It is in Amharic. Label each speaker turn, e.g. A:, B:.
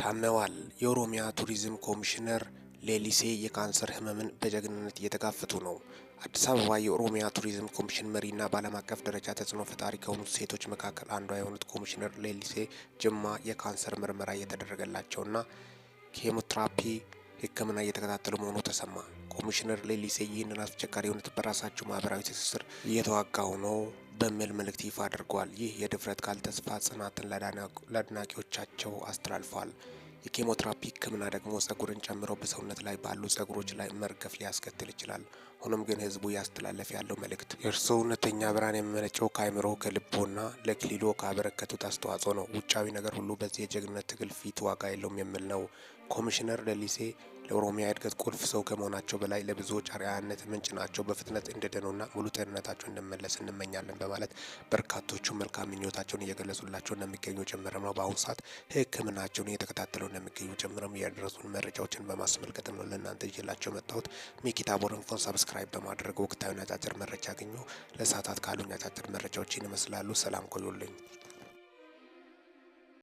A: ታመዋል። የኦሮሚያ ቱሪዝም ኮሚሽነር ሌሊሴ የካንሰር ህመምን በጀግንነት እየተጋፈቱ ነው። አዲስ አበባ የኦሮሚያ ቱሪዝም ኮሚሽን መሪና በዓለም አቀፍ ደረጃ ተጽዕኖ ፈጣሪ ከሆኑት ሴቶች መካከል አንዷ የሆኑት ኮሚሽነር ሌሊሴ ጅማ የካንሰር ምርመራ እየተደረገላቸውና ኬሞትራፒ ህክምና እየተከታተሉ መሆኑ ተሰማ። ኮሚሽነር ሌሊሴ ይህንን አስቸጋሪ እውነት በራሳቸው ማህበራዊ ትስስር እየተዋጋው ነው በሚል መልእክት ይፋ አድርጓል። ይህ የድፍረት ቃል ተስፋ ጽናትን ለአድናቂዎቻቸው አስተላልፏል። የኬሞትራፒ ሕክምና ደግሞ ጸጉርን ጨምሮ በሰውነት ላይ ባሉ ጸጉሮች ላይ መርገፍ ሊያስከትል ይችላል። ሆኖም ግን ህዝቡ ያስተላለፍ ያለው መልእክት የእርስዎ እውነተኛ ብርሃን የሚመነጨው ከአእምሮ፣ ከልቦና ለክሊሎ ካበረከቱት አስተዋጽኦ ነው። ውጫዊ ነገር ሁሉ በዚህ የጀግንነት ትግል ፊት ዋጋ የለውም የሚል ነው። ኮሚሽነር ለሊሴ ለኦሮሚያ እድገት ቁልፍ ሰው ከመሆናቸው በላይ ለብዙዎች አርአያነት ምንጭ ናቸው። በፍጥነት እንዲድኑና ሙሉ ጤንነታቸው እንደመለስ እንመኛለን በማለት በርካቶቹ መልካም ምኞታቸውን እየገለጹላቸው እንደሚገኙ ጭምርም ነው። በአሁኑ ሰዓት ሕክምናቸውን እየተከታተሉ እንደሚገኙ ጭምርም ያደረሱን መረጃዎችን በማስመልከትም ነው ለእናንተ ይዤላቸው መጣሁት። ሚኪታቦር ኢንፎን ሰብስክራይብ በማድረግ ወቅታዊ አጫጭር መረጃ ያገኙ። ለሰዓታት ካሉኝ አጫጭር መረጃዎች ይመስላሉ። ሰላም ቆዩልኝ።